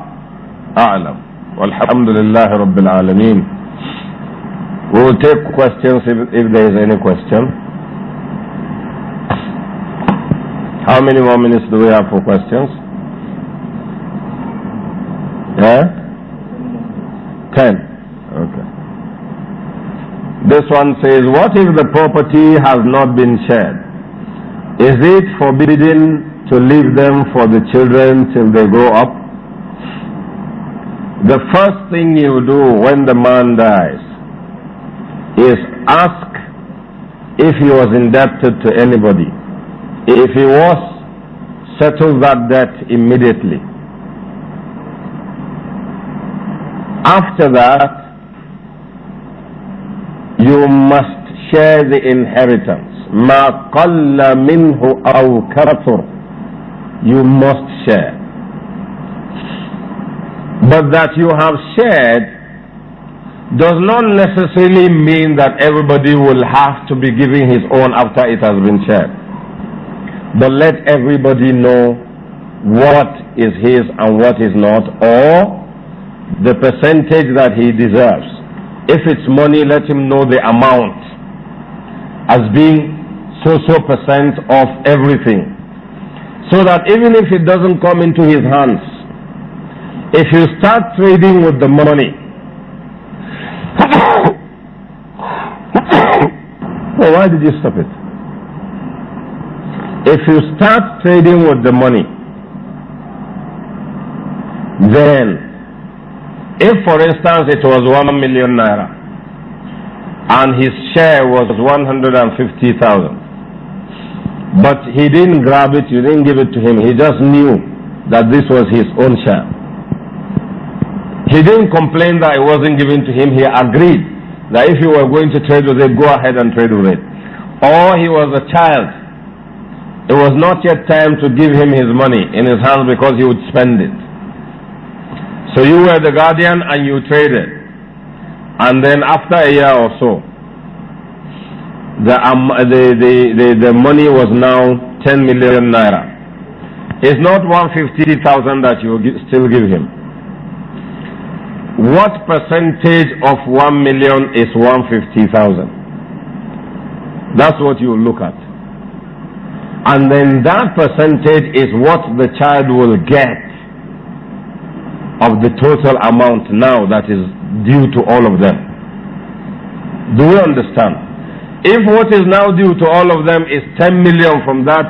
a'lam. Walhamdulillahi rabbil alameen. We will take questions if, if there is any question. How many more minutes do we have for questions? Yeah? Ten. Okay. This one says, what if the property has not been shared? Is it forbidden to leave them for the children till they grow up? The first thing you do when the man dies is ask if he was indebted to anybody. If he was, settle that debt immediately. After that, you must share the inheritance. ما قل منه أو كثر. You must share. But that you have shared does not necessarily mean that everybody will have to be giving his own after it has been shared. But let everybody know what is his and what is not, or the percentage that he deserves. If it's money, let him know the amount as being so so percent of everything. So that even if it doesn't come into his hands, if you start trading with the money, well, oh, why did you stop it? If you start trading with the money, then if, for instance, it was 1 million naira and his share was 150,000, but he didn't grab it, you didn't give it to him, he just knew that this was his own share. He didn't complain that it wasn't given to him, he agreed that if you were going to trade with it, go ahead and trade with it. Or he was a child. It was not yet time to give him his money in his hands because he would spend it. So you were the guardian and you traded. And then after a year or so, the, um, the, the, the, the money was now 10 million naira. It's not 150,000 that you still give him. What percentage of 1 million is 150,000? That's what you look at. And then that percentage is what the child will get of the total amount now that is due to all of them. Do we understand? If what is now due to all of them is 10 million from that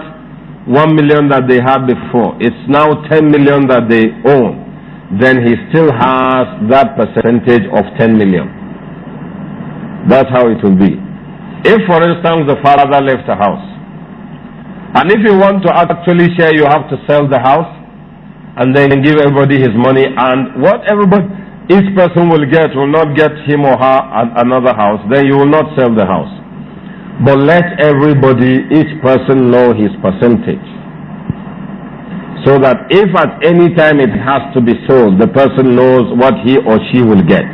1 million that they had before, it's now 10 million that they own, then he still has that percentage of 10 million. That's how it will be. If, for instance, the father left a house, and if you want to actually share, you have to sell the house and then give everybody his money and what everybody, each person will get will not get him or her another house, then you will not sell the house. But let everybody, each person know his percentage. So that if at any time it has to be sold, the person knows what he or she will get.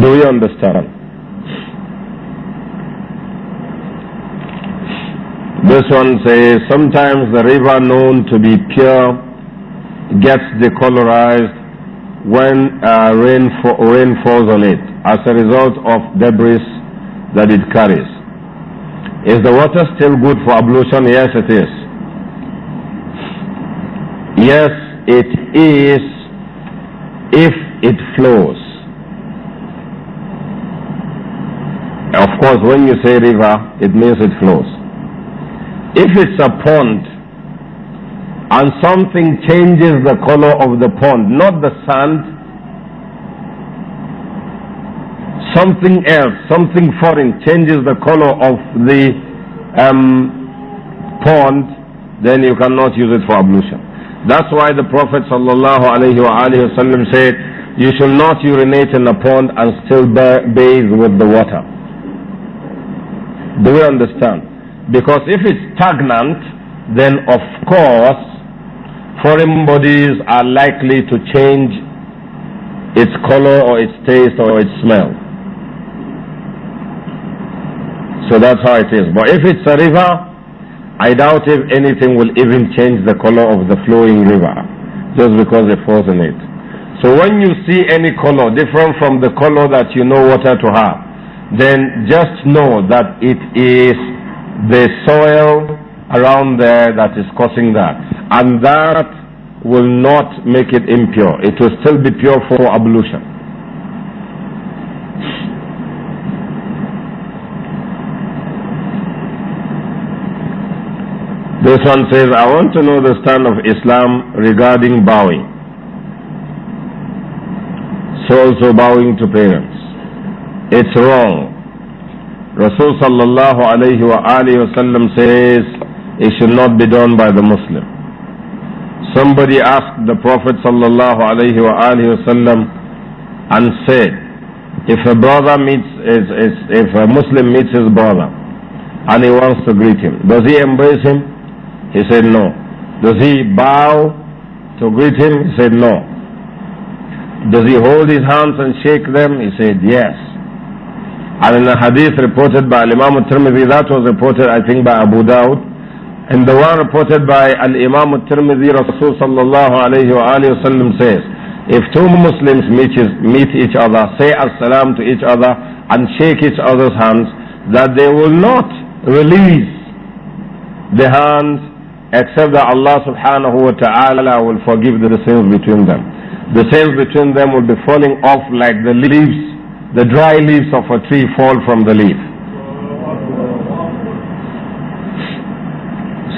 Do you understand? This one says, sometimes the river known to be pure gets decolorized when uh, rain, rain falls on it as a result of debris that it carries. Is the water still good for ablution? Yes, it is. Yes, it is if it flows. Of course, when you say river, it means it flows. If it's a pond and something changes the color of the pond, not the sand, something else, something foreign changes the color of the um, pond, then you cannot use it for ablution. That's why the Prophet sallallahu alaihi wasallam said, you shall not urinate in a pond and still bathe with the water. Do we understand? Because if it's stagnant, then of course foreign bodies are likely to change its color or its taste or its smell. So that's how it is. But if it's a river, I doubt if anything will even change the color of the flowing river just because it falls in it. So when you see any color different from the color that you know water to have, then just know that it is the soil around there that is causing that. And that will not make it impure. It will still be pure for ablution. This one says, I want to know the stand of Islam regarding bowing. So also bowing to parents. It's wrong Rasul sallallahu alayhi wa alayhi wa says it should not be done by the Muslim. Somebody asked the Prophet sallallahu alayhi wa alayhi wa and said, if a brother meets, is, is, if a Muslim meets his brother and he wants to greet him, does he embrace him? He said no. Does he bow to greet him? He said no. Does he hold his hands and shake them? He said yes. And in the hadith reported by Imam al-Tirmidhi, that was reported I think by Abu Dawud. And the one reported by Al-Imam al-Tirmidhi, Rasul sallallahu alayhi wa alayhi wa says, if two Muslims meet, meet each other, say as-salam to each other and shake each other's hands, that they will not release the hands except that Allah subhanahu wa ta'ala will forgive the sins between them. The sins between them will be falling off like the leaves the dry leaves of a tree fall from the leaf.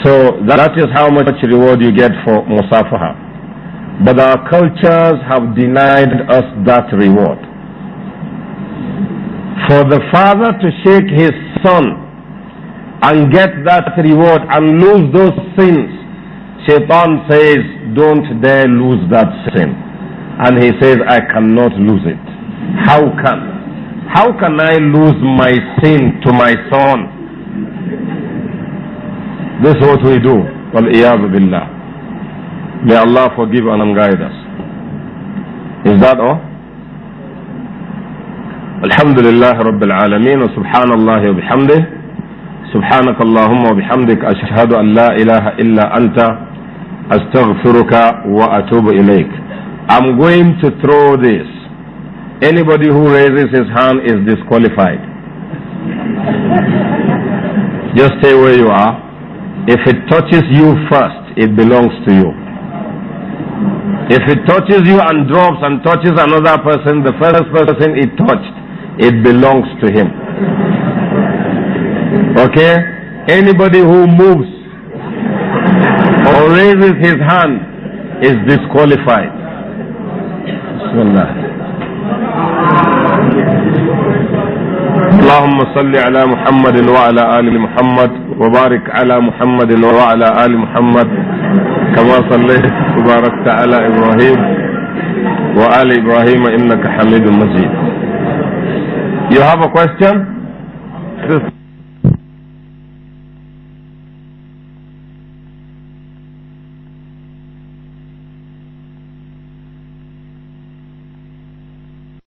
So that is how much reward you get for Musafaha. But our cultures have denied us that reward. For the father to shake his son and get that reward and lose those sins, Shaitan says, don't dare lose that sin. And he says, I cannot lose it. How can? How can I lose my sin to my son? This is what we do. Wal-iyadu billah. May Allah forgive and guide us. Is that all? الحمد لله رب العالمين وسبحان الله وبحمده سبحانك اللهم وبحمدك أشهد أن لا إله إلا أنت أستغفرك وأتوب إليك I'm going to throw this Anybody who raises his hand is disqualified. Just stay where you are. If it touches you first, it belongs to you. If it touches you and drops and touches another person, the first person it touched, it belongs to him. Okay? Anybody who moves or raises his hand is disqualified. Bismillah. اللهم صل على محمد وعلى آل محمد وبارك على محمد وعلى آل محمد كما صليت وباركت على إبراهيم وآل إبراهيم إنك حميد مجيد You have a question?